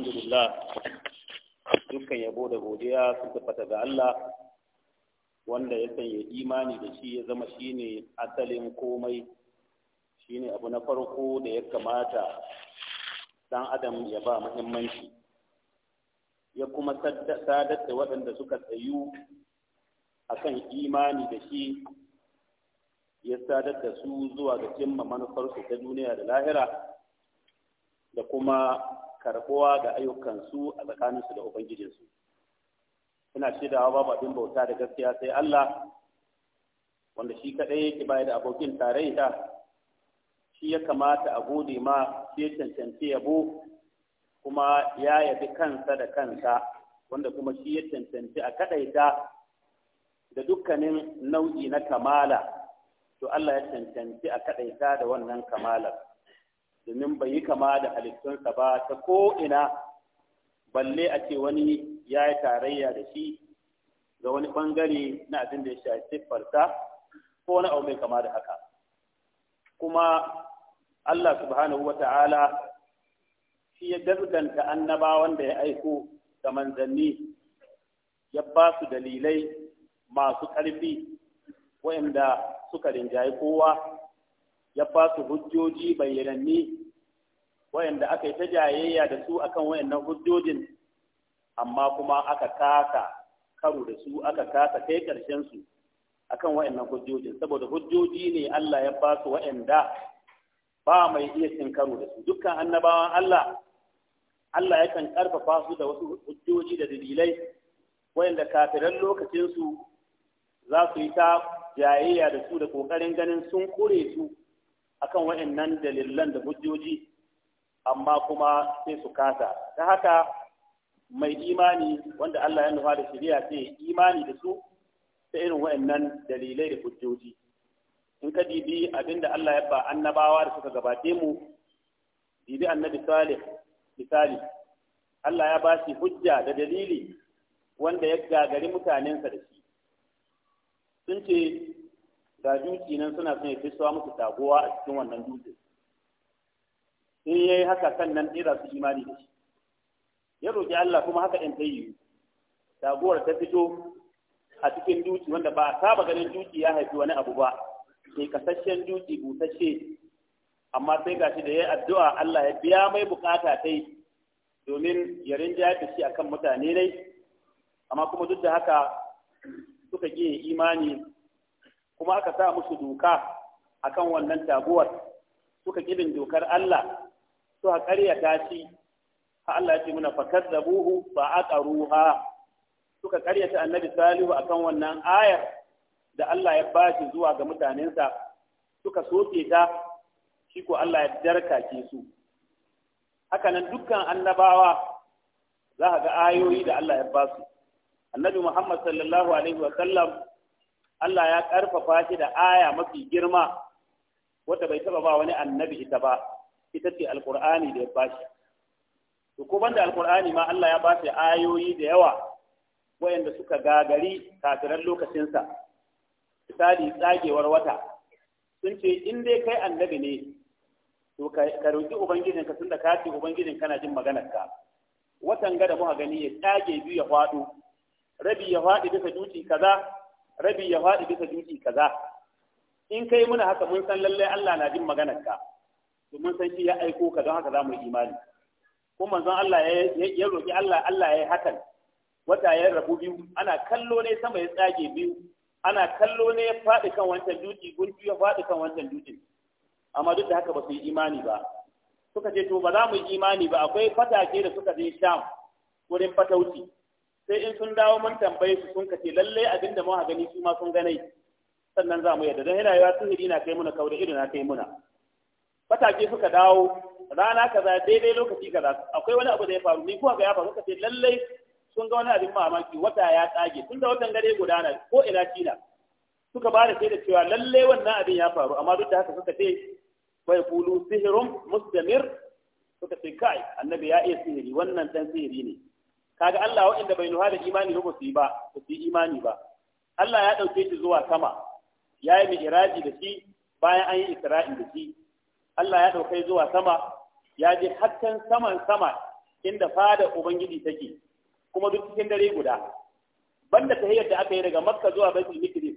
alhamdulillah dukkan yabo da godiya su tabbata ga Allah wanda ya sanya imani da shi ya zama shine asalin komai shine abu na farko da ya kamata dan adam ya ba muhimmanci ya kuma sadar waɗanda suka tsayu akan imani da shi ya sadar da su zuwa ga cimma manufarsu ta duniya da lahira da kuma karɓuwa ga ayyukansu a tsakaninsu da ubangijinsu ina shaidawa babu abin bauta da gaskiya sai Allah wanda shi kaɗai yake bayar da abokin tarayya shi ya kamata a gode ma shi ya cancanci yabo kuma ya yabi kansa da kansa wanda kuma shi ya cancanci a kaɗaita da dukkanin nau'i na kamala to Allah ya cancanci a kaɗaita da wannan kamalar domin bai yi kama da halittunsa ba ta ko'ina balle a ce wani ya yi tarayya da shi ga wani ɓangare na abin da ya shafi siffarsa ko wani abu mai kama da haka kuma Allah subhanahu wa ta'ala shi ya gazganta annabawan da ya aiko da manzanni ya ba su dalilai masu ƙarfi waɗanda suka rinjaye kowa ya ba su hujjoji bayyananni wayanda aka yi ta jayayya da su akan wayannan hujjojin amma kuma aka kasa karo da su aka kasa kai karshen su akan wayannan hujjojin saboda hujjoji ne Allah ya ba su wayanda ba mai iya cin karo da su dukkan annabawan Allah Allah ya kan karfafa su da wasu hujjoji da dalilai wayanda kafiran lokacin su za su yi ta jayayya da su da kokarin ganin sun kure su akan waɗannan dalilan da hujjoji amma kuma sai su kasa ta haka mai imani wanda Allah ya nufa da shari'a ce imani da su ta irin waɗannan dalilai da hujjoji in ka dibi abinda Allah ya ba annabawa da suka gabate mu dibi annabi Salih misali Allah ya ba shi hujja da dalili wanda ya gagari mutanensa da shi sun ce ga dutse nan suna son ya fitowa musu taguwa a cikin wannan dutse sai ya yi haka sannan ɗera su imani da shi ya roƙi Allah kuma haka in ta yi taguwar ta fito a cikin dutse wanda ba a saba ganin duki ya haifi wani abu ba sai kasashen dutse busasshe amma sai gashi da ya addu'a Allah ya biya mai bukata sai domin ya rinja da shi akan mutane ne amma kuma duk da haka suka ƙi imani kuma aka sa musu doka akan wannan taguwar suka kibin dokar Allah suka karyata shi ha Allah ya ce muna fakar da buhu ba a ƙaruha suka karyata annabi salihu akan wannan ayar da Allah ya bashi zuwa ga mutanensa suka soke ta shi ko Allah ya ke su hakanan dukkan annabawa za ka ga ayoyi da Allah ya basu. annabi Muhammad sallallahu alaihi wa sallam Allah ya karfafa shi da aya mafi girma Wata bai taba ba wani annabi ita ba ita ce alqur'ani da ya bashi to ko banda alqur'ani ma Allah ya shi ayoyi da yawa wayanda suka gagari kafiran lokacin sa misali tsagewar wata sun ce in dai kai annabi ne to ka roki ubangijin ka tunda ka ce ubangijin kana jin maganar ka watan gada muka gani ya tsage biyu ya faɗo rabi ya faɗi bisa duci kaza rabi ya faɗi bisa dutse kaza in kai muna haka mun san lallai Allah na jin maganarka domin san shi ya aiko ka don haka za mu imani ko manzon Allah ya roki Allah Allah ya hakan wata ya rabu biyu ana kallo ne sama ya tsage biyu ana kallo ne ya faɗi kan wancan dutse gunki ya faɗi kan wancan dutse amma duk da haka ba su yi imani ba suka ce to ba za mu yi imani ba akwai fatake da suka je sham wurin fatauci sai in sun dawo mun tambaye su sun kace lalle abin da muka gani su ma sun ganai sannan za mu yadda don yana yawa sihiri na kai muna kaure ido na kai muna fatake suka dawo rana kaza daidai lokaci kaza akwai wani abu da ya faru ni kuwa ga ya faru kace lalle sun ga wani abin mamaki wata ya tsage tunda watan gare gudana ko ina kila suka ba da sai da cewa lalle wannan abin ya faru amma duk da haka suka ce bai kulu sihirun mustamir suka ce kai annabi ya iya sihiri wannan dan sihiri ne kaga Allah waɗanda bai nuha da imani ba su yi ba su yi imani ba Allah ya ɗauke shi zuwa sama ya yi mi'raji da shi bayan an yi isra'i da shi Allah ya ɗauke zuwa sama ya je hattan saman sama inda fada ubangiji take kuma duk cikin dare guda banda tafiyar da aka yi daga makka zuwa baitul mikdis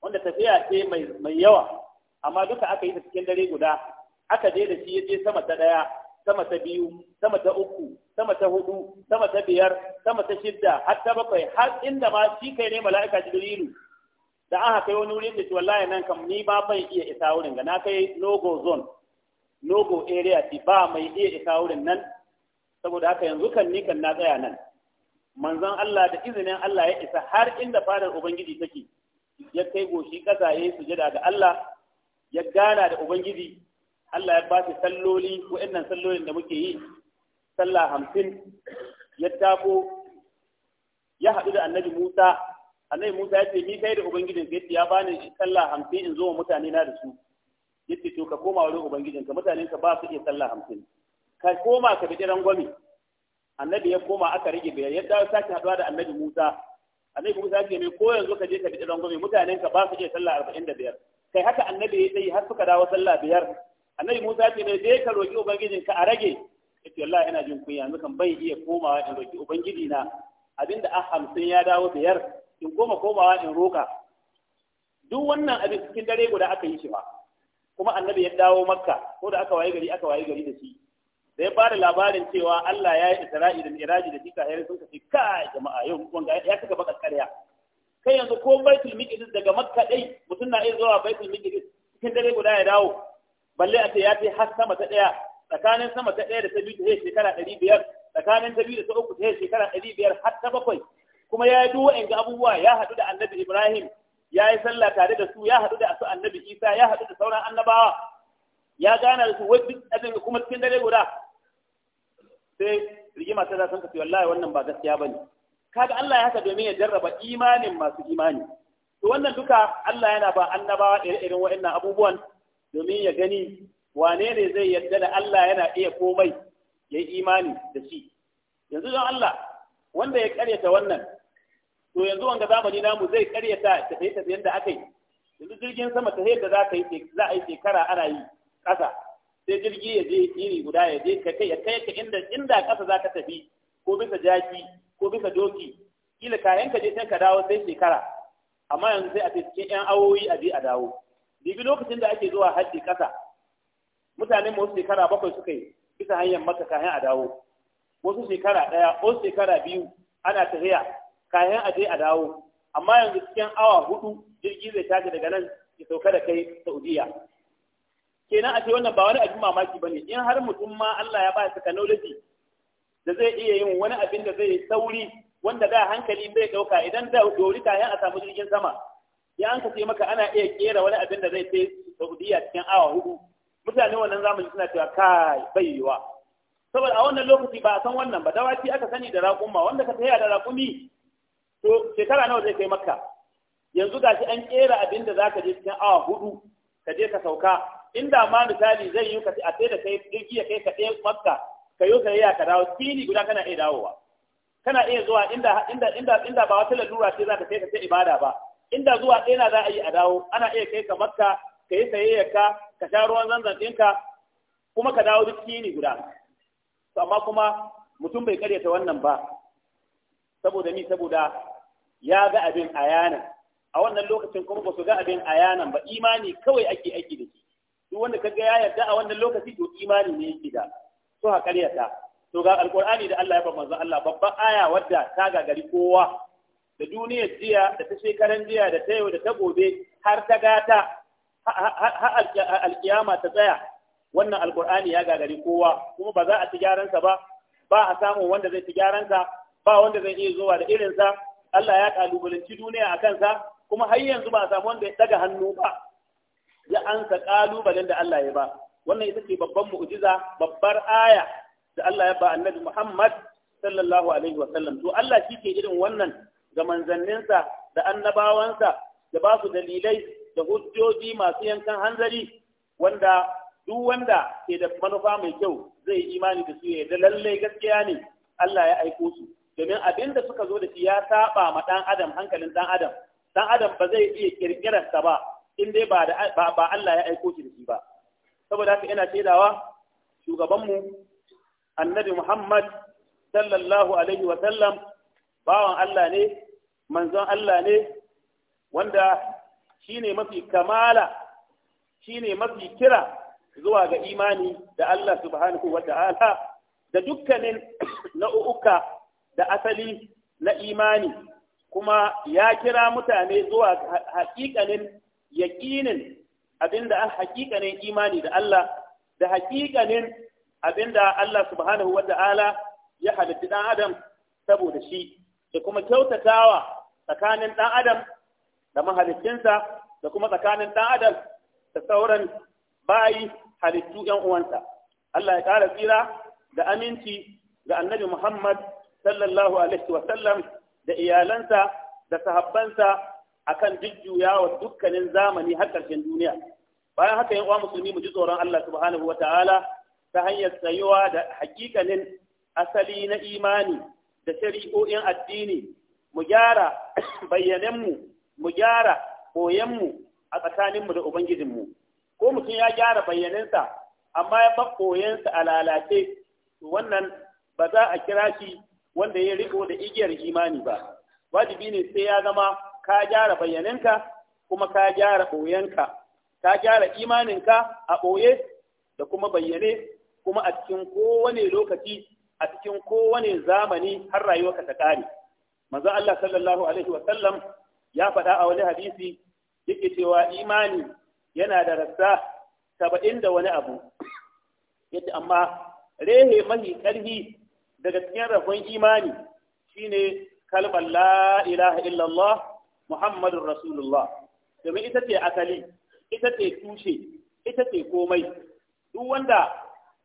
wanda tafiya ce mai mai yawa amma duka aka yi ta cikin dare guda aka je da shi ya je sama ta daya sama ta biyu sama ta uku sama ta hudu sama ta biyar sama ta shidda har ta bakwai har inda ma shi kai ne mala'ika jibrilu da aka kai wani wurin da ce wallahi nan kam ni ba bai iya isa wurin ga na kai logo zone logo area ti ba mai iya isa wurin nan saboda haka yanzu kan ni kan na tsaya nan manzon Allah da izinin Allah ya isa har inda fadar ubangiji take ya kai goshi kasa yayi sujada ga Allah ya gana da ubangiji Allah ya ba shi salloli waɗannan sallolin da muke yi sallah hamsin ya tafo ya haɗu da annabi Musa annabi Musa ya ce ni kai da ubangijin ka yace ya bani sallah hamsin in zo wa mutane na da su yace to ka koma wurin ubangijin ka mutanen ka ba su iya sallah hamsin ka koma ka bi rangwame annabi ya koma aka rage Yadda ya dawo sake haɗuwa da annabi Musa annabi Musa ya ce mai ko yanzu ka je ka bi rangwame mutanen ka ba su iya sallah arba'in da biyar kai haka annabi ya yi har suka dawo sallah biyar annabi Musa ce ne dai ka roki ubangijin ka a rage ce wallahi ina jin kunya yanzu kan bai iya komawa in roki ubangiji na abinda a hamsin ya dawo biyar in koma komawa in roka duk wannan abin cikin dare guda aka yi shi ba kuma annabi ya dawo makka ko da aka waye gari aka waye gari da shi da ya bada labarin cewa Allah ya yi isra'i da miraji da shika hayar sun kace ka jama'a yau wanga ya kaga baka karya kai yanzu ko baitul miqdis daga makka dai mutum na iya zuwa baitul miqdis cikin dare guda ya dawo balle a ce ya fi har sama ta ɗaya tsakanin sama ta ɗaya da ta biyu ta yi shekara ɗari biyar tsakanin ta biyu da ta uku ta yi shekara ɗari biyar har ta bakwai kuma ya yi duwa'in ga abubuwa ya haɗu da annabi ibrahim ya yi sallah tare da su ya haɗu da su annabi isa ya haɗu da sauran annabawa ya gana da su wajen abin kuma cikin dare guda sai rigima ta za sun kafi wallahi wannan ba gaskiya ba ne kaga Allah ya haka domin ya jarraba imanin masu imani to wannan duka Allah yana ba annabawa irin wa'annan abubuwan domin ya gani wane ne zai yarda da Allah yana iya komai ya yi imani da shi yanzu don Allah wanda ya karyata wannan to yanzu wanda zamani namu zai karyata ta tafiye-tafiyen da aka yi yanzu jirgin sama ta da za za a yi shekara ana yi ƙasa sai jirgi ya je iri guda ya je ka kai ya kai ka inda inda ƙasa za ka tafi ko bisa jaki ko bisa doki kila kayan ka je sai ka dawo sai shekara amma yanzu sai a cikin 'yan awowi a je a dawo dibi lokacin da ake zuwa haji kasa mutane mu shekara bakwai suka yi bisa hanyar maka kayan a dawo wasu shekara ɗaya wasu shekara biyu ana tafiya kayan a je a dawo amma yanzu cikin awa hudu jirgi zai tashi daga nan ya sauka da kai saudiya kenan a ce wannan ba wani abin mamaki bane in har mutum ma Allah ya ba shi technology da zai iya yin wani abin da zai sauri wanda da hankali bai dauka idan da dori kayan a samu jirgin sama ya an kace maka ana iya kera wani abin da zai fi Saudiya cikin awa hudu mutane wannan zamani suna cewa kai bai yiwa saboda a wannan lokaci ba a san wannan ba dawaki aka sani da raƙumma wanda ka tafiya da raƙumi to shekara nawa zai kai maka? yanzu gashi an kera abin da zaka je cikin awa hudu ka je ka sauka inda ma misali zai yi ka a sai da kai jirgi ya kai ka ɗaya makka ka yi ka yaya ka dawo tini guda kana iya dawowa kana iya zuwa inda inda inda inda ba wata lalura ce za ka kai ka sai ibada ba inda zuwa ɗaya za a yi a dawo ana iya kai ka makka ka yi sayayyarka ka sha ruwan zanzan ɗinka kuma ka dawo duk kini guda to amma kuma mutum bai karyata wannan ba saboda ni saboda ya ga abin a ayanan a wannan lokacin kuma ba su ga abin a yanar ba imani kawai ake aiki da shi duk wanda kaga ya yarda a wannan lokaci to imani ne yake da to ha karyata to ga alƙurani da Allah ya ba manzo Allah babban aya wadda ta gagari kowa da duniyar jiya da ta shekaran jiya da ta yau da ta gobe har ta gata alkiyama ta tsaya wannan alkur'ani ya gagari kowa kuma ba za a ci gyaransa ba ba a samu wanda zai ci gyaransa ba wanda zai iya zuwa da irinsa Allah ya kalubalanci duniya a kansa kuma har yanzu ba a samu wanda ya daga hannu ba ya ansa kalubalen da Allah ya ba wannan ita ce babban mu'jiza babbar aya da Allah ya ba annabi Muhammad sallallahu alaihi wa sallam to Allah shi ke irin wannan da manzanninsa da annabawansa da ba su dalilai da hujjoji masu yankan hanzari wanda duk wanda ke da manufa mai kyau zai imani da su ya da lallai gaskiya ne Allah ya aiko su domin abin da suka zo da shi ya saba ma dan adam hankalin dan adam dan adam ba zai iya kirkirar sa ba in dai ba ba Allah ya aiko shi da shi ba saboda haka ina shaidawa shugabanmu annabi Muhammad sallallahu alaihi wa sallam bawan Allah ne manzon Allah ne wanda shi ne mafi kamala shi ne mafi kira zuwa ga imani da Allah subhanahu wa ta'ala da dukkanin na'u'uka da asali na imani kuma ya kira mutane zuwa haƙiƙanin yaƙinin abinda an haƙiƙanin imani da Allah da haƙiƙanin abinda Allah subhanahu wa ta'ala ya halitta ɗan adam saboda shi da kuma kyautatawa tsakanin ɗan adam da mahalicinsa da kuma tsakanin ɗan adam da sauran bayi halittu ‘yan uwansa. Allah ya ƙara tsira da aminci ga annabi Muhammad sallallahu alaihi wa da iyalansa da sahabbansa a akan jujjuyawa dukkanin zamani har ƙarshen duniya. Bayan haka yin uwa musulmi mu ji tsoron Allah subhanahu wa ta'ala ta hanyar sayuwa da hakikanin asali na imani da shari'o'in addini mu gyara bayyanenmu mu gyara ɓoyanmu a tsakaninmu da ubangijinmu ko mutum ya gyara bayyanensa amma ya bar koyensa a lalace wannan ba za a kira shi wanda ya riko da igiyar imani ba wajibi ne sai ya zama ka gyara bayyanenka kuma ka gyara koyenka ka gyara imaninka a ɓoye da kuma bayyane kuma a cikin kowane lokaci a cikin kowane zamani har rayuwarka ta ƙare manzo Allah sallallahu alaihi wa sallam ya faɗa a wani hadisi yake cewa imani yana da rassa saba'in da wani abu yace amma rehe mahi ƙarfi daga cikin rabon imani shine kalmar la ilaha illallah muhammadur rasulullah domin ita ce asali ita ce tushe ita ce komai duk wanda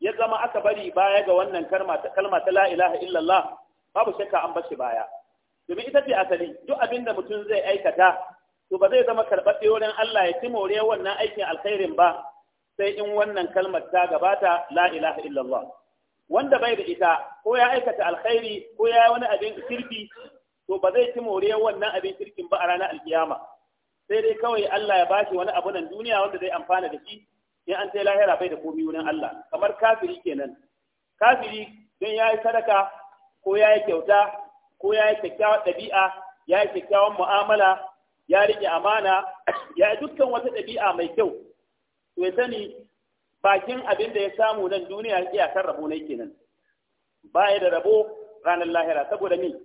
ya zama aka bari baya ga wannan kalma ta la ilaha illallah babu shakka an bashi baya domin ita ce asali duk abin da mutum zai aikata to ba zai zama karɓaɓɓe wurin Allah ya ci more wannan aikin alkhairin ba sai in wannan kalmar ta gabata la ilaha illallah wanda bai da ita ko ya aikata alkhairi ko ya wani abin kirki to ba zai ci more wannan abin kirkin ba a ranar alkiyama sai dai kawai Allah ya bashi wani abu nan duniya wanda zai amfana da shi in an sai lahira bai da komi wurin Allah kamar kafiri kenan kafiri don ya yi sadaka ko ya yi kyauta ko ya yi kyakkyawar ɗabi'a ya yi kyakkyawan mu'amala ya riƙe amana ya yi dukkan wata ɗabi'a mai kyau to ya sani bakin abin da ya samu nan duniya iyakar rabo ne kenan baya da rabo ranar lahira saboda min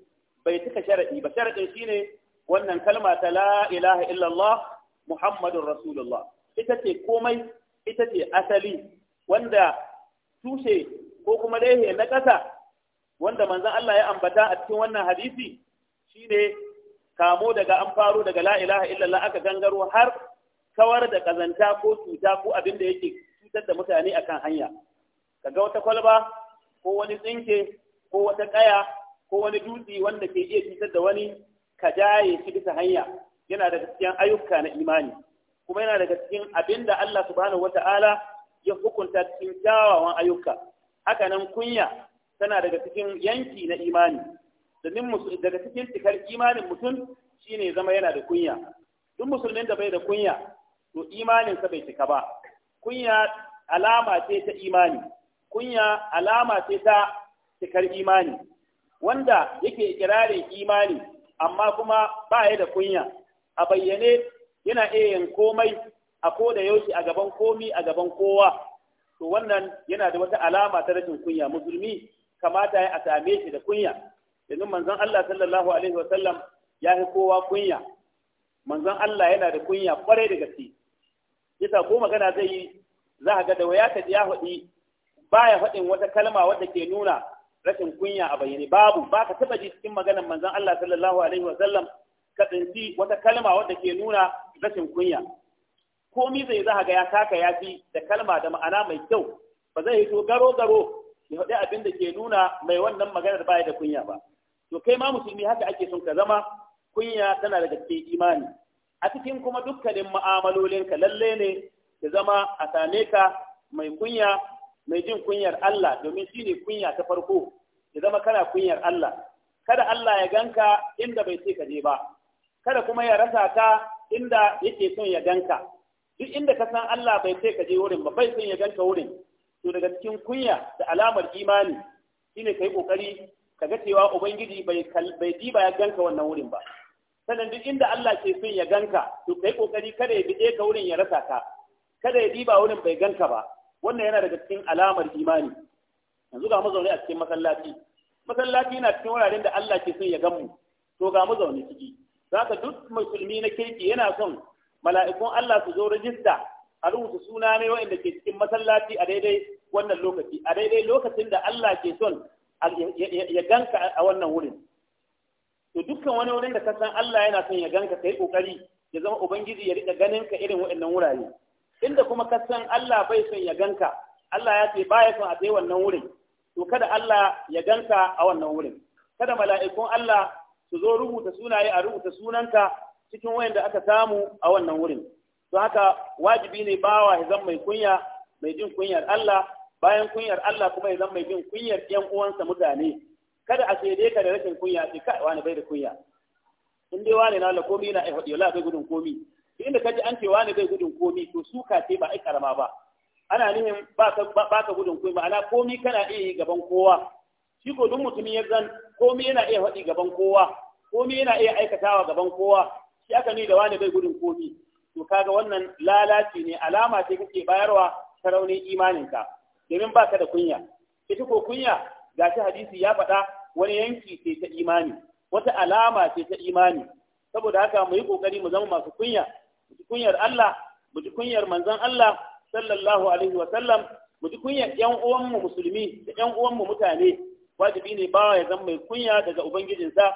bai cika sharaɗi ba sharaɗin shine wannan kalma ta la ilaha illallah muhammadun rasulullah ita ce komai ita ce asali wanda tushe ko kuma laihe na ƙasa wanda manzon Allah ya ambata a cikin wannan hadisi shine kamo daga an faro daga la ilaha illallah aka gangaro har kawar da kazanta ko cuta ko abin da yake cutar da mutane akan hanya kaga wata kwalba ko wani tsinke ko wata kaya ko wani dutse wanda ke iya cutar da wani ka jaye shi bisa hanya yana daga cikin ayyuka na imani kuma yana daga cikin abin da Allah subhanahu wata'ala ya hukunta cikin kyawawan ayyuka haka nan kunya tana daga cikin yanki na imani domin daga cikin cikar imanin mutum shine zama yana da kunya duk musulmin da bai da kunya to imaninsa bai cika ba kunya alama ce ta imani kunya alama ce ta cikar imani wanda yake ikirarin imani amma kuma ba ya da kunya a bayyane yana iya yin komai a ko da yaushe a gaban komi a gaban kowa to wannan yana da wata alama ta rashin kunya musulmi kamata ya a same shi da kunya domin manzon Allah sallallahu alaihi wasallam ya fi kowa kunya manzon Allah yana da kunya kwarai da gaske yasa ko magana zai yi za ka ga da waya ta ya faɗi baya faɗin wata kalma wadda ke nuna rashin kunya a bayyane babu ba ka taɓa ji cikin maganar manzon Allah sallallahu alaihi wasallam ka tsinci wata kalma wadda ke nuna rashin kunya komi zai za ga ya taka ya fi da kalma da ma'ana mai kyau ba zai hito garo garo ya faɗi abin da ke nuna mai wannan maganar baya da kunya ba to kai ma musulmi haka ake son ka zama kunya tana daga cikin imani a cikin kuma dukkanin ka lalle ne ka zama a same ka mai kunya mai jin kunyar Allah domin shi ne kunya ta farko ya zama kana kunyar Allah kada Allah ya ganka inda bai ce ka je ba kada kuma ya rasa ka inda yake son ya ganka duk inda ka san Allah bai ce ka je wurin ba bai son ya ganka wurin to daga cikin kunya da alamar imani shine kai kokari kaga cewa ubangiji bai bai diba ya ganka wannan wurin ba sanan duk inda Allah ke son ya ganka to kai kokari kada ya bide ka wurin ya rasa ka kada ya diba wurin bai ganka ba wannan yana daga cikin alamar imani yanzu ga mu zaune a cikin masallaci masallaci yana cikin wuraren da Allah ke son ya gamu to ga mu zaune ciki zaka duk musulmi na kirki yana son mala'ikun Allah su zo rajista a rubuta suna ne wa'inda ke cikin masallaci a daidai wannan lokaci a daidai lokacin da Allah ke son ya ganka a wannan wurin to dukkan wani wurin da ka san Allah yana son ya ganka kai kokari ya zama ubangiji ya rika ganin ka irin waɗannan wurare inda kuma ka san Allah bai son ya ganka Allah ya ce baya son a kai wannan wurin to kada Allah ya ganka a wannan wurin kada mala'ikun Allah su zo rubuta sunaye a rubuta sunanka cikin wayanda aka samu a wannan wurin to haka wajibi ne bawa ya zama mai kunya mai jin kunyar Allah bayan kunyar Allah kuma ya zama mai bin kunyar ƴan uwansa mutane kada a sai ka da rashin kunya sai kai wani bai da kunya in dai wani na komi na ihdi la bai gudun komi duk da kaji an ce wani bai gudun komi to su ka ce ba ai karama ba ana nihin ba ka ba ka gudun komi ma'ana komi kana iya yi gaban kowa shi ko duk mutumin ya zan komi yana iya faɗi gaban kowa komi yana iya aikatawa gaban kowa shi aka ni da wani bai gudun komi to kaga wannan lalaci ne alama ce kake bayarwa sarauni raunin imaninka domin ba ka da kunya ita ko kunya shi hadisi ya faɗa wani yanki ce ta imani wata alama ce ta imani saboda haka mu yi kokari mu zama masu kunya mu ji kunyar Allah mu ji kunyar manzon Allah sallallahu alaihi wa sallam mu ji kunyar ƴan uwanmu musulmi da ƴan uwanmu mutane wajibi ne bawa ya zama mai kunya daga ubangijinsa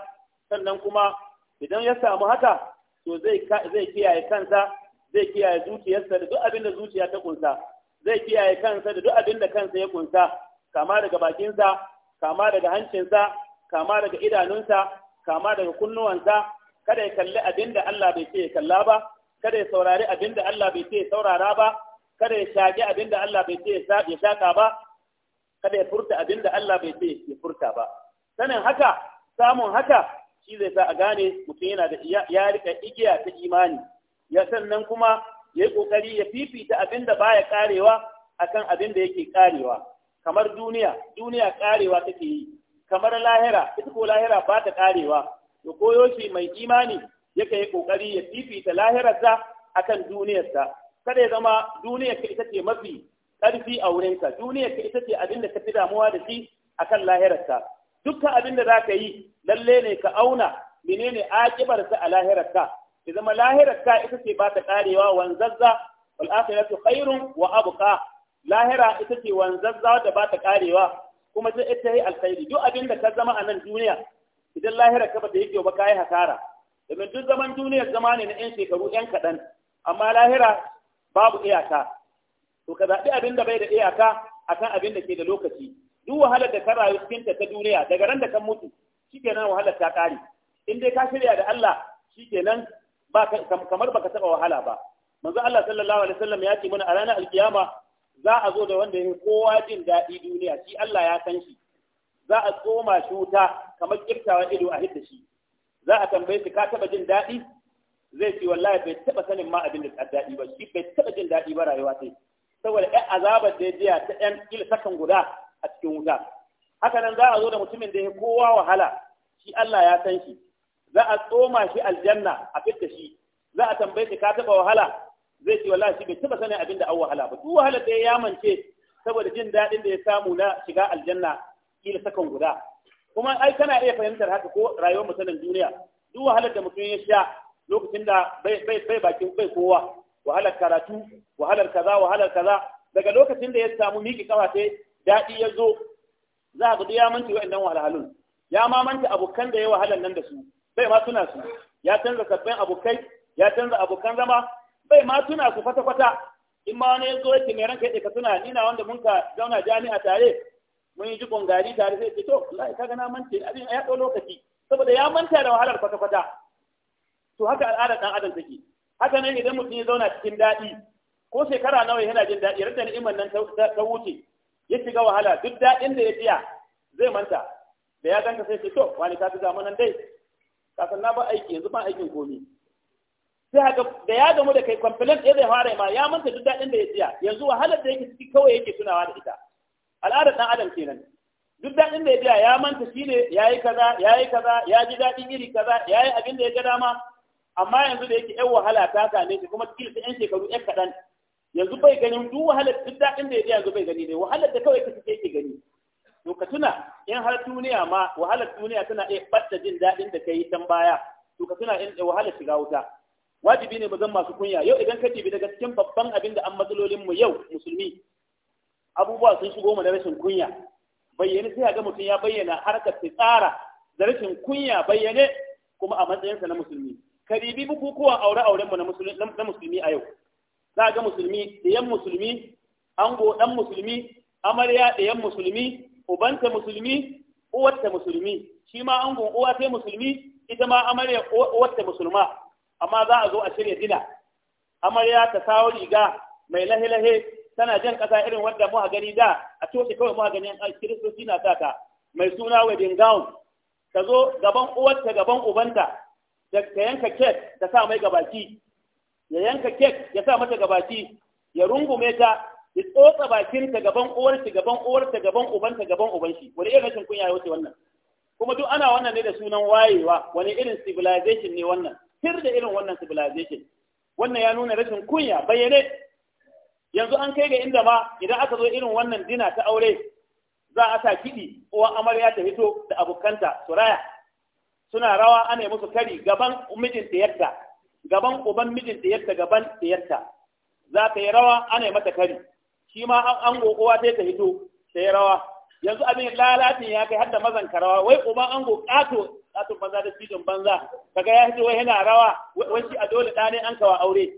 sannan kuma idan ya samu haka to zai zai kiyaye kansa zai kiyaye zuciyarsa da duk abin da zuciya ta kunsa zai kiyaye kansa da duk abin da kansa ya kunsa kama daga bakinsa kama daga hancinsa kama daga idanunsa kama daga kunnuwansa kada ya kalli abin da Allah bai ce ya kalla ba kada ya saurari abin da Allah bai ce ya saurara ba kada ya shaƙi abin da Allah bai ce ya shaƙa ba kada ya furta abin da Allah bai ce ya furta ba sanin haka samun haka shi zai sa a gane mutum yana da ya rika igiya ta imani ya sannan kuma ya yi ƙoƙari ya fifita abin da baya ƙarewa akan abin da yake ƙarewa kamar duniya duniya ƙarewa take yi kamar lahira ita ko lahira ba ta ƙarewa to ko mai imani yake yi ƙoƙari ya fifita lahirarsa akan duniyarsa kada ya zama duniyar ka ita ce mafi ƙarfi a wurinka duniyar ka ita ce abin da ka fi damuwa da shi akan lahirarka dukkan abin da za ka yi lalle ne ka auna menene aƙibarsa a lahirarka ki zama lahirar ka ita ce ba ta karewa wanzazza wal akhiratu khairun wa abqa lahira ita ce wanzazza da ba ta karewa kuma ce ita yi alkhairi duk abin da ka zama a nan duniya idan lahirar ka ba ta yi kyau ba ka yi hasara domin duk zaman duniyar zama ne na 'yan shekaru 'yan kaɗan amma lahira babu iyaka to ka zaɓi abin da bai da iyaka akan abin da ke da lokaci duk wahalar da ka rayu cikin ta duniya daga ran da ka mutu shikenan wahalar ta kare in dai ka shirya da Allah shikenan ba kamar baka taba wahala ba manzo Allah sallallahu alaihi wasallam ya ce mana a ranar alkiyama za a zo da wanda ya kowa jin daɗi duniya shi Allah ya san shi za a tsoma shi wuta kamar kirtawan ido a hidda shi za a tambaye shi ka taba jin daɗi zai ce wallahi bai taba sanin ma abin da daɗi ba shi bai taba jin daɗi ba rayuwa sai saboda ɗan azabar da ya jiya ta ɗan kila sakan guda a cikin wuta haka nan za a zo da mutumin da ya kowa wahala shi Allah ya san shi za a tsoma shi aljanna a fitta shi za a tambaye shi ka taba wahala zai ce wallahi shi bai taba sanin abin da an wahala ba duk wahala da ya mance saboda jin daɗin da ya samu na shiga aljanna kila sakan guda kuma ai kana iya fahimtar haka ko rayuwar mutanen duniya duk wahala da mutum ya sha lokacin da bai bai bakin bai kowa wahalar karatu wahalar kaza wahalar kaza daga lokacin da ya samu miki kafa sai daɗi ya zo za ka ya manci wa'annan wahalhalun ya ma manta abokan da ya wahalar nan da su bai ma tuna su ya canza sabbin abokai ya canza abokan zama bai ma tuna su kwata kwata in ma wani ya zo yake mai ranka yadda ka tuna ni na wanda mun ka zauna jami'a tare mun yi jikon gari tare sai ce to wallahi kaga na mance abin ya ɗau lokaci saboda ya manta da wahalar kwata kwata to haka al'adar dan adam take haka nan idan mutum ya zauna cikin daɗi ko shekara nawa yana jin daɗi rada ni'imar nan ta wuce ya shiga wahala duk daɗin da ya biya zai manta da ya ganka sai ce to wani ka fi zamanan dai kasan na ba aiki yanzu ba aikin komi sai haka da ya gamu da kai complain ya zai fara ma ya manta duk daɗin da ya tsaya yanzu wahalar da yake ciki kawai yake tunawa da ita al'adar ɗan adam kenan duk daɗin da ya tsaya ya manta shi ne ya yi kaza ya yi kaza ya ji daɗin iri kaza ya yi abin da ya ga dama amma yanzu da yake yan wahala ta same shi kuma kila ta yan shekaru yan kaɗan yanzu bai ganin duk wahalar duk daɗin da ya tsaya yanzu bai gani ne wahalar da kawai ta cike yake gani to ka tuna in har duniya ma wahalar duniya tana iya batta jin daɗin da ka yi tan baya to ka tuna in eh, wahalar shiga wuta wajibi ne bazan masu kunya yau idan ka tibi daga cikin babban abin da an matsalolin mu yau musulmi abubuwa sun shigo mu da rashin kunya bayyane sai ga mutum ya bayyana harkar ta tsara da rashin kunya bayyane kuma a matsayinsa na musulmi ka bukukuwan aure-auren mu na musulmi a yau za ga musulmi ɗayan musulmi ango dan musulmi amarya da yan musulmi ubanta musulmi uwarta musulmi shi ma angon uwa sai musulmi ita ma amarya uwarta musulma amma za a zo a shirya dina amarya ta sawo riga mai lahe-lahe tana jan ƙasa irin wadda muka gani da a toshe kawai muka gani an kiristoci na sata mai suna wedding gown ta zo gaban uwarta gaban ubanta ta yanka kek ta sa mai gabaki ya yanka kek ya sa mata gabaki ya rungume ta ya tsotsa bakin ta gaban uwar ta gaban uwar ta gaban uban ta gaban uban shi wani irin rashin kunya ya wuce wannan kuma duk ana wannan ne da sunan wayewa wani irin civilization ne wannan sir da irin wannan civilization wannan ya nuna rashin kunya bayyane yanzu an kai ga inda ma idan aka zo irin wannan dina ta aure za a sa kiɗi uwan amarya ta hito da abokanta suraya suna rawa ana musu kari gaban mijin tiyarta gaban uban mijin tiyarta gaban tiyarta za ta yi rawa ana mata kari shi ma an uwa sai ta hito sai rawa yanzu abin lalatin ya kai hadda mazan karawa wai uban an go kato kato banza da cikin banza kaga ya hito wai yana rawa wai shi a dole ɗane an kawa aure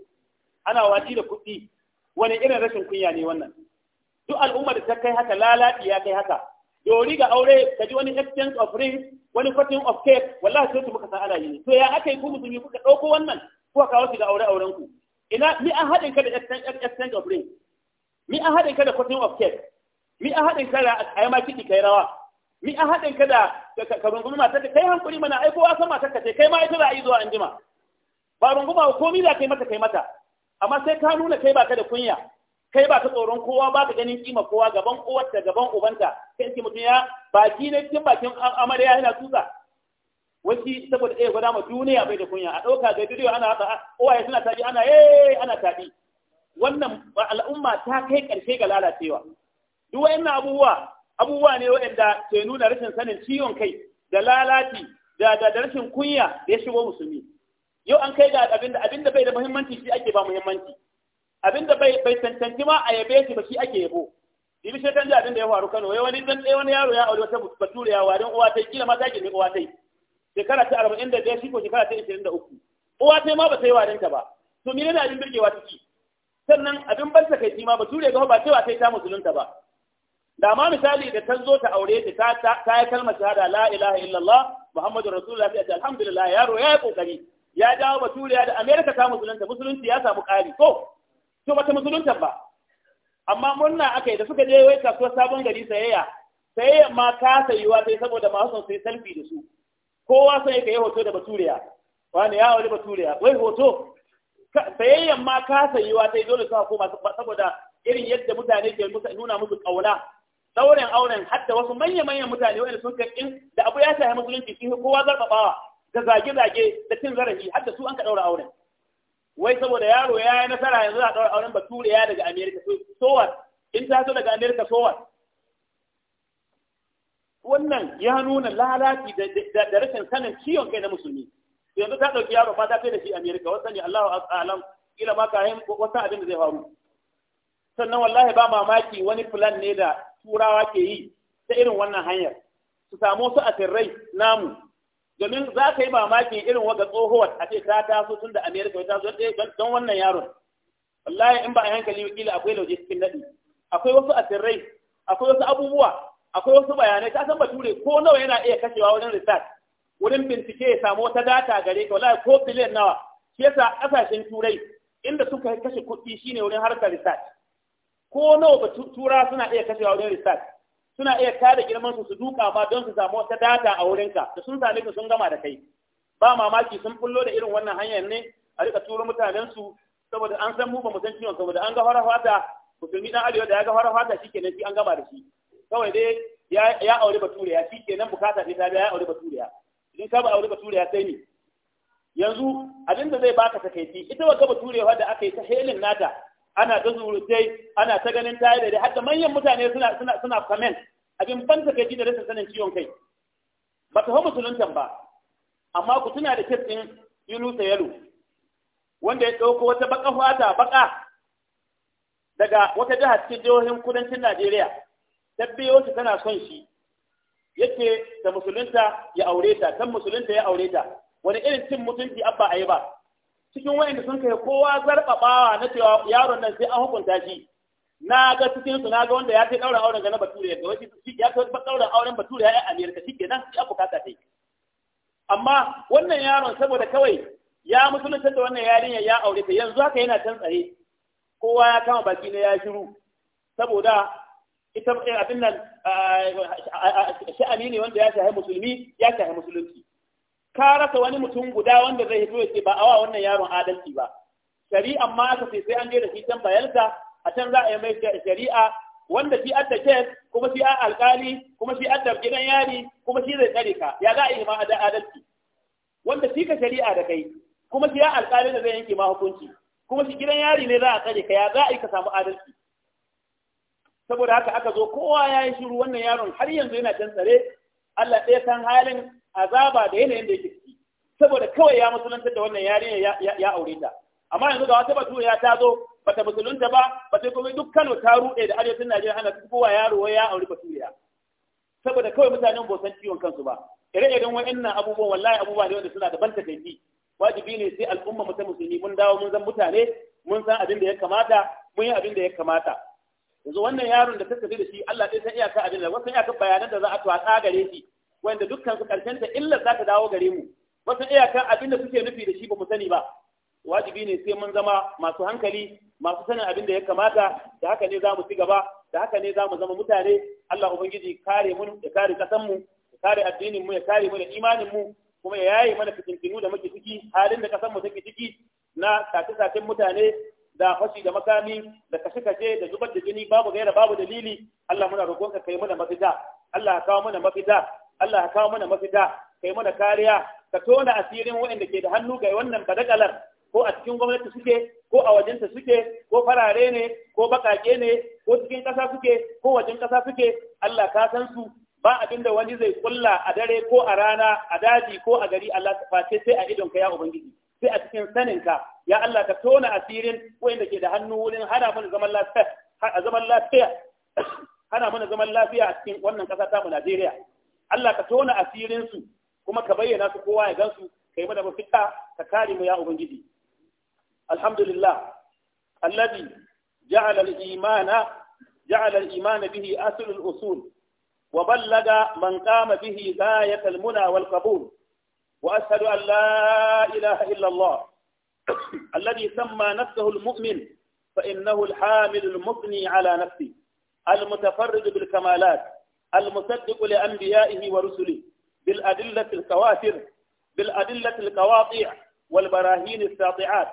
ana wati da kuɗi wani irin rashin kunya ne wannan duk al'umma da ta kai haka lalati ya kai haka yori ga aure ka ji wani exchange of rings wani cutting of cake wallahi sai su muka san ana yi to ya aka yi ku musulmi kuka ɗauko wannan kuka kawo shi ga aure aurenku ina ni an haɗin ka da exchange of rings mi a haɗin ka da cutting of cake mi a haɗin ka da a yi kiɗi kai rawa mi a haɗin ka da ka rungumi mata ka kai hankuri mana aiko a san mata ka ce kai ma ita za a yi zuwa an jima ba rungumi ba komi za kai mata kai mata amma sai ka nuna kai baka da kunya kai ba ka tsoron kowa ba ka ganin kima kowa gaban uwarta gaban ubanta kai ce mutum ya baki na cikin bakin amarya yana tsutsa wasi saboda ɗaya eh, gwada ma duniya bai da kunya a ɗauka ga bidiyo ana haka uwaye suna taɗi ana ye ana taɗi wannan al'umma ta kai ƙarshe ga lalacewa duk wayannan abubuwa abubuwa ne wanda ke nuna rashin sanin ciwon kai da lalaci da da rashin kunya da ya shigo musulmi yau an kai ga abinda abinda bai da muhimmanci shi ake ba muhimmanci abinda bai bai tantance ma a yabe shi ba shi ake yabo ibi shi kan abinda ya faru Kano wani dan wani yaro ya aure wata bature ya warin uwa ta kila ma ta girme uwa ta shekara ta da shi ko shekara ta 23 uwa ta ma ba ta yi warin ta ba to mene ne abin birgewa take sannan abin ban kai ma bature ga ba cewa kai ta musulunta ba da ma misali da ta zo ta aure ta ta yi kalmar shahada la ilaha illallah muhammadu rasulullah sai alhamdulillah yaro ya yi kokari ya dawo bature da amerika ta musulunta musulunci ya samu kari ko to bata musulunta ba amma murna aka yi da suka je wai kasuwar sabon gari sayayya sayayya ma ka sayuwa sai saboda masu son sai selfie da su kowa sai ka yi hoto da baturiya wani ya wani baturiya wai hoto sayayyan ma ka sayuwa sai dole suka koma saboda irin yadda mutane ke nuna musu kauna sauran auren hadda wasu manya-manyan mutane wanda sun karɓin da abu ya shahi musulunci sun fi kowa zarɓaɓawa da zage-zage da cin zarafi hadda su an ka ɗaura auren wai saboda yaro ya yi nasara yanzu za a ɗaura auren bature ya daga amerika sowar in ta so daga amerika sowar wannan ya nuna lalaci da rashin sanin ciwon kai na musulmi yanzu ta ɗauki yaro fata kai da shi amerika wasu ne allahu alam kila ma ka yin wasu abin da zai faru sannan wallahi ba mamaki wani plan ne da turawa ke yi ta irin wannan hanyar su samu su asirrai namu domin za ka yi mamaki irin waga tsohuwar a ce ta taso tun da amerika ta zo eh, don wannan yaron wallahi in ba a hankali kila akwai lauje cikin daɗi akwai wasu asirrai akwai wasu abubuwa akwai wasu bayanai ta san bature ko nawa yana iya kashewa wajen research wurin bincike ya samu wata data gare ka wallahi ko billion nawa shi yasa kasashen turai inda suka kashe kuɗi shine wurin harkar research ko nawa ba tura suna iya kashewa wurin research suna iya kada girman su su duka ma don su samu wata data a ka da sun same ka sun gama da kai ba mamaki sun bullo da irin wannan hanyar ne a rika turo mutanen su saboda an san mu ba mu san saboda an ga fara fata musulmi dan arewa da ya ga fara fata shikenan shi an gama da shi kawai dai ya aure bature ya shikenan bukata ne ta ya aure bature ya in ka ba aure ture ya sai ni yanzu abin da zai baka takaici ita ba baturewa da aka yi ta helin nata ana ta zurutai ana ta ganin ta da hatta manyan mutane suna suna suna comment abin ban takaici da rasa sanin ciwon kai ba ta musuluntan ba amma ku tuna da kes din Yunusa Yalo wanda ya ɗauko wata baka fata baka daga wata jihar cikin jihohin kudancin Najeriya ta tana son shi yake da musulunta ya aure ta kan musulunta ya aure ta wani irin cin mutunci abba a yi ba cikin wayanda sun kai kowa zarbabawa na cewa yaron nan sai an hukunta shi na ga cikin su na ga wanda ya kai daura auren ga na bature ga wani shi ya kai daura auren bature ya yi amerika shikenan ya bukata sai amma wannan yaron saboda kawai ya musulunta da wannan yarinya ya aure ta yanzu haka yana can tsaye kowa ya kama baki ne ya shiru saboda ita eh, abin nan sha'ani ne wanda ya shahi musulmi ya shahi musulunci ka rasa wani mutum guda wanda zai hito ya ce ba awa wannan yaron adalci ba shari'a ma aka ce sai an je da shi can bayansa a can za a yi mai shari'a wanda shi adda kes kuma shi an alkali kuma shi adda gidan yari kuma shi zai tsare ka ya za a yi ma adalci wanda shi ka shari'a da kai kuma shi ya alkali da zai yanke ma hukunci kuma shi gidan yari ne za a tsare ka ya za a yi ka samu adalci saboda haka aka zo kowa ya yi shiru wannan yaron har yanzu yana can tsare Allah ɗaya san halin azaba da yanayin da yake ciki saboda kawai ya musulunta da wannan yarinya ya aure ta amma yanzu ga wata ya ta zo bata musulunta ba bata kuma duk Kano ta ruɗe da arewacin Najeriya ana kowa yaro wai ya aure baturiya saboda kawai mutanen ba san ciwon kansu ba ire-iren wa'annan abubuwan wallahi abubuwa ne wanda suna da banta kai wajibi ne sai al'umma mu ta musulmi mun dawo mun zan mutane mun san abin da ya kamata mun yi abin da ya kamata yanzu wannan yaron da ta tafi da shi Allah ɗaya ta iyaka abin da wasu iyaka bayanan da za a tuwa gare shi wanda dukkan su karshen ta illar za ta dawo gare mu wasu iyakan abin da suke nufi da shi ba mu sani ba wajibi ne sai mun zama masu hankali masu sanin abin da ya kamata da haka ne za mu ci gaba da haka ne za mu zama mutane Allah ubangiji kare mu ya kare kasan mu ya kare addinin mu ya kare mu da imanin mu kuma ya yaye mana fitintinu da muke ciki halin da kasan mu take ciki na sace-sacen mutane da fashi da makami da kashe kashe da zubar da jini babu gaira babu dalili Allah muna ka kai mana mafita Allah ka kawo mana mafita Allah ka kawo mana mafita kai mana kariya ka tona asirin waɗanda ke da hannu ga wannan badakalar ko a cikin gwamnati suke ko a wajenta suke ko farare ne ko bakake ne ko cikin ƙasa suke ko wajen ƙasa suke Allah ka san su ba abinda wani zai kulla a dare ko a rana a daji ko a gari Allah ta face sai a idon ka ya ubangiji sai a cikin saninka ya Allah ka tona asirin wanda ke da hannu wurin hana mana zaman lafiya zaman lafiya hana mana zaman lafiya a cikin wannan ƙasa ta mu Najeriya Allah ka tona asirin su kuma ka bayyana su kowa ya gansu kai mana mafita ka kare mu ya ubangiji alhamdulillah alladhi ja'ala al-imana ja'ala al-imana bihi asl al-usul وبلغ من قام به غاية المنى والقبول وأشهد أن لا إله إلا الله الذي سمى نفسه المؤمن فإنه الحامل المثني على نفسه المتفرد بالكمالات المصدق لأنبيائه ورسله بالأدلة الكوافر بالأدلة القواطع والبراهين الساطعات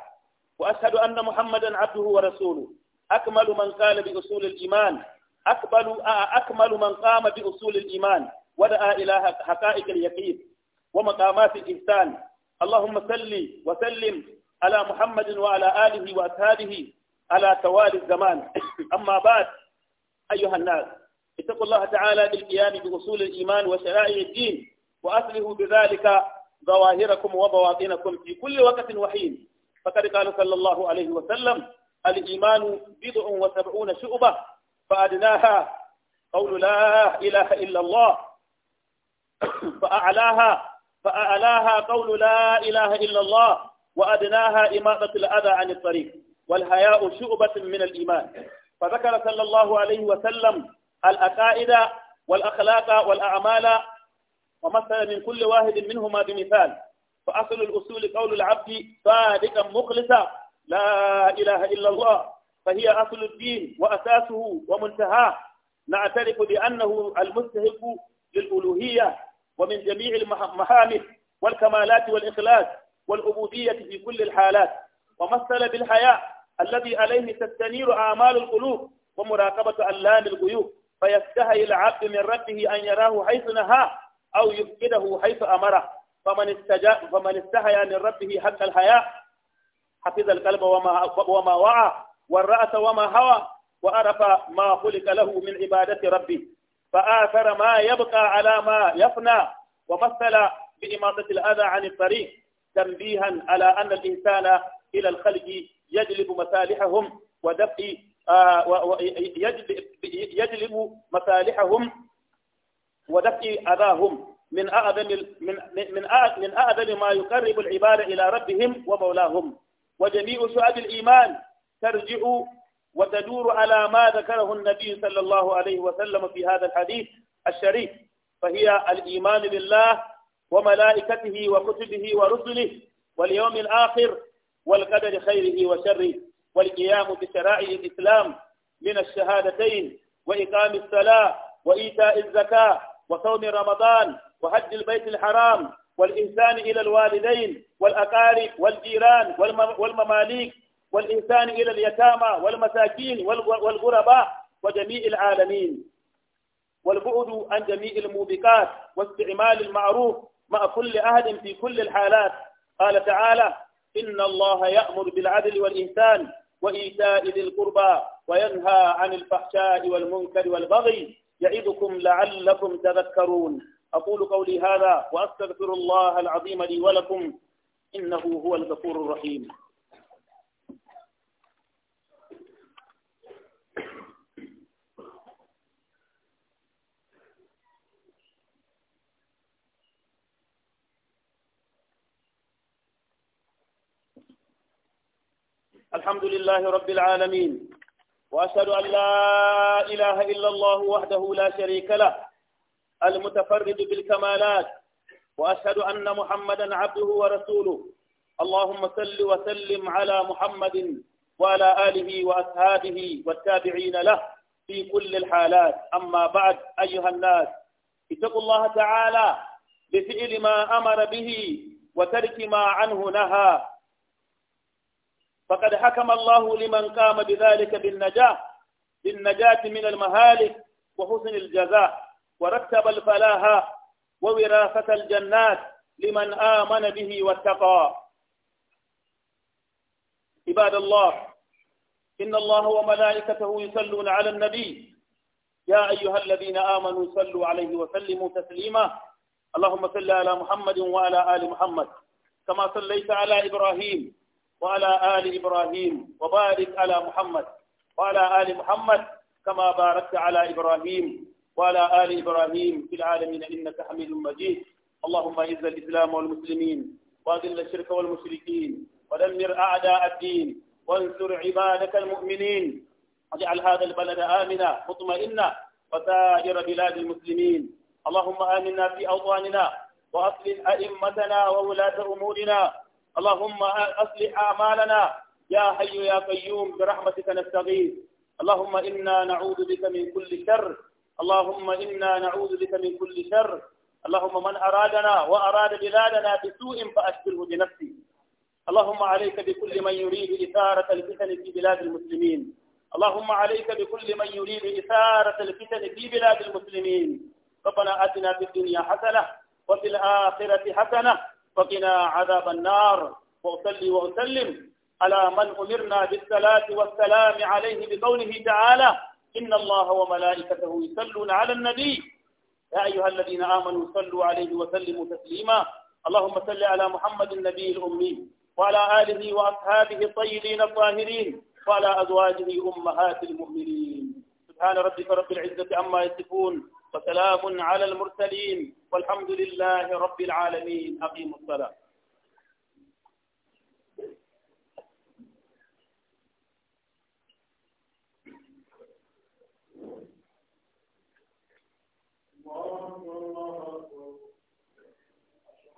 وأشهد أن محمدا عبده ورسوله أكمل من قال بأصول الإيمان أكمل آه، أكمل من قام بأصول الإيمان ودعا إلى حقائق اليقين ومقامات الإحسان اللهم صل وسلم على محمد وعلى آله وأصحابه على توالي الزمان أما بعد أيها الناس اتقوا الله تعالى بالقيام بأصول الإيمان وشرائع الدين وأصله بذلك ظواهركم وبواطنكم في كل وقت وحين فقد قال صلى الله عليه وسلم الإيمان بضع وسبعون شعبة فأدناها قول لا إله إلا الله فأعلاها فأعلاها قول لا إله إلا الله وأدناها إماطة الأذى عن الطريق والحياء شعبة من الإيمان فذكر صلى الله عليه وسلم الأقائد والأخلاق والأعمال ومثل من كل واحد منهما بمثال فأصل الأصول قول العبد صادقا مخلصا لا إله إلا الله فهي أصل الدين وأساسه ومنتهاه نعترف بأنه المستحق للألوهية ومن جميع المحامد والكمالات والإخلاص والأبودية في كل الحالات ومثل بالحياء الذي عليه تستنير أعمال القلوب ومراقبة ألام الغيوب فيستحي العبد من ربه أن يراه حيث نهاه أو يفقده حيث أمره فمن استجاب فمن استحيا من ربه حق الحياء حفظ القلب وما وما وعى والرأس وما هوى وعرف ما خلق له من عبادة ربه فآثر ما يبقى على ما يفنى ومثل بإماطة الأذى عن الطريق تنبيها على أن الإنسان إلى الخلق يجلب مصالحهم ودفع آه، يجلب مصالحهم ودفع أذاهم من أعظم من من من أعظم ما يقرب العباد إلى ربهم ومولاهم وجميع شعب الإيمان ترجع وتدور على ما ذكره النبي صلى الله عليه وسلم في هذا الحديث الشريف فهي الإيمان بالله وملائكته وكتبه ورسله واليوم الآخر والقدر خيره وشره والقيام بشرائع الإسلام من الشهادتين وإقام الصلاة وإيتاء الزكاة وصوم رمضان وحج البيت الحرام والإنسان إلى الوالدين والأقارب والجيران والمماليك والإنسان إلى اليتامى والمساكين والغرباء وجميع العالمين والبعد عن جميع الموبقات واستعمال المعروف مع كل أهد في كل الحالات قال تعالى إن الله يأمر بالعدل والإنسان وإيتاء ذي القربى وينهى عن الفحشاء والمنكر والبغي يعظكم لعلكم تذكرون أقول قولي هذا وأستغفر الله العظيم لي ولكم إنه هو الغفور الرحيم الحمد لله رب العالمين وأشهد أن لا إله إلا الله وحده لا شريك له المتفرد بالكمالات وأشهد أن محمدا عبده ورسوله اللهم صل وسلم على محمد وعلى آله وأصحابه والتابعين له في كل الحالات أما بعد أيها الناس اتقوا الله تعالى بفعل ما أمر به وترك ما عنه نهى فقد حكم الله لمن قام بذلك بالنجاة بالنجاة من المهالك وحسن الجزاء ورتب الفلاح ووراثة الجنات لمن آمن به واتقى عباد الله إن الله وملائكته يصلون على النبي يا أيها الذين آمنوا صلوا عليه وسلموا تسليما اللهم صل على محمد وعلى آل محمد كما صليت على إبراهيم وعلى آل إبراهيم وبارك على محمد وعلى آل محمد كما باركت على إبراهيم وعلى آل إبراهيم في العالمين إنك حميد مجيد اللهم إذ الإسلام والمسلمين وأذل الشرك والمشركين ودمر أعداء الدين وانصر عبادك المؤمنين واجعل هذا البلد آمنا مطمئنا وسائر بلاد المسلمين اللهم آمنا في أوطاننا وأصلح أئمتنا وولاة أمورنا اللهم أصلح أعمالنا يا حي يا قيوم برحمتك نستغيث اللهم إنا نعوذ بك من كل شر اللهم إنا نعوذ بك من كل شر اللهم من أرادنا وأراد بلادنا بسوء فأشكره بنفسي اللهم عليك بكل من يريد إثارة الفتن في بلاد المسلمين اللهم عليك بكل من يريد إثارة الفتن في بلاد المسلمين ربنا آتنا في الدنيا حسنة وفي الآخرة حسنة فقنا عذاب النار وأصلي وأسلم على من أمرنا بالصلاة والسلام عليه بقوله تعالى إن الله وملائكته يصلون على النبي يا أيها الذين آمنوا صلوا عليه وسلموا تسليما اللهم صل على محمد النبي الأمي وعلى آله وأصحابه الطيبين الطاهرين وعلى أزواجه أمهات المؤمنين سبحان ربك رب العزة عما يصفون وسلام على المرسلين والحمد لله رب العالمين أقيموا الصلاة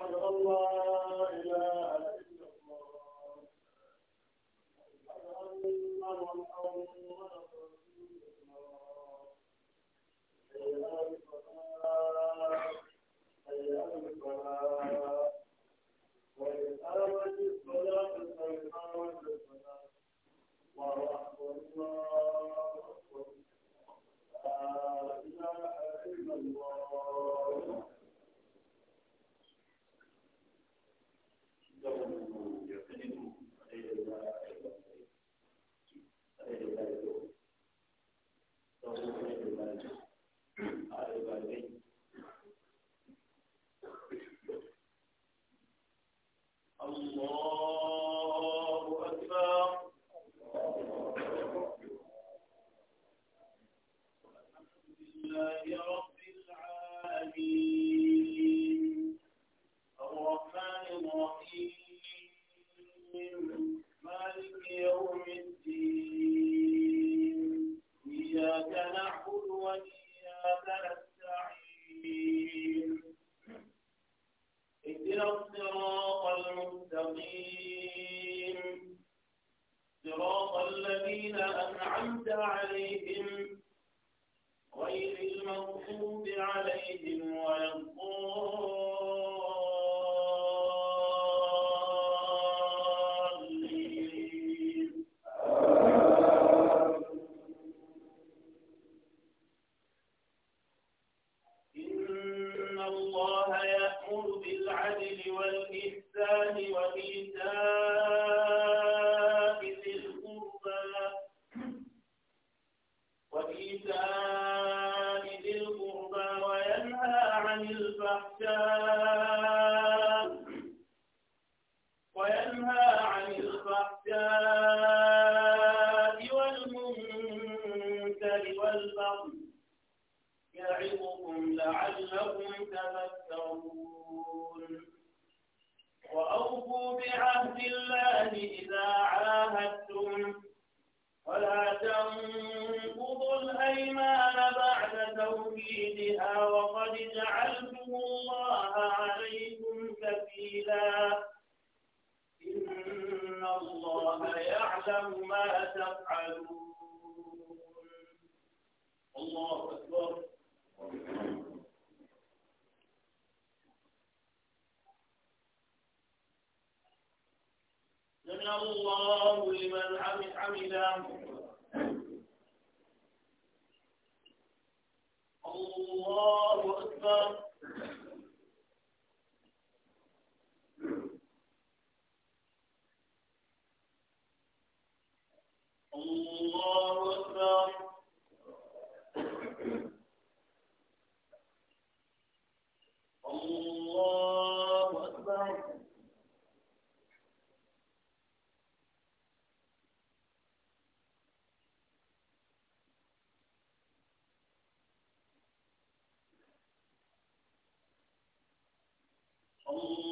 الله أكبر أشهد أن لا إله إلا والله أكبر الله إن الله يعلم ما تفعلون الله أكبر سمع الله لمن حمده الله أكبر Oh.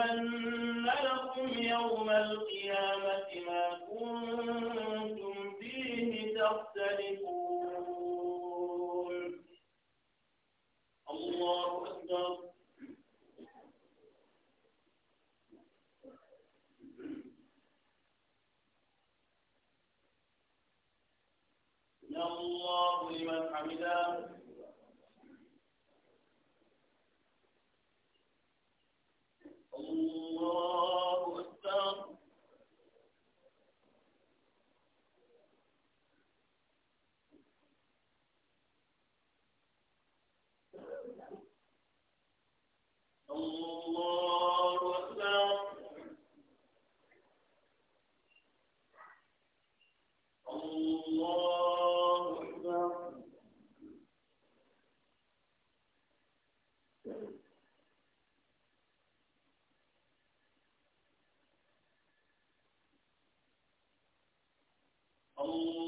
and Allah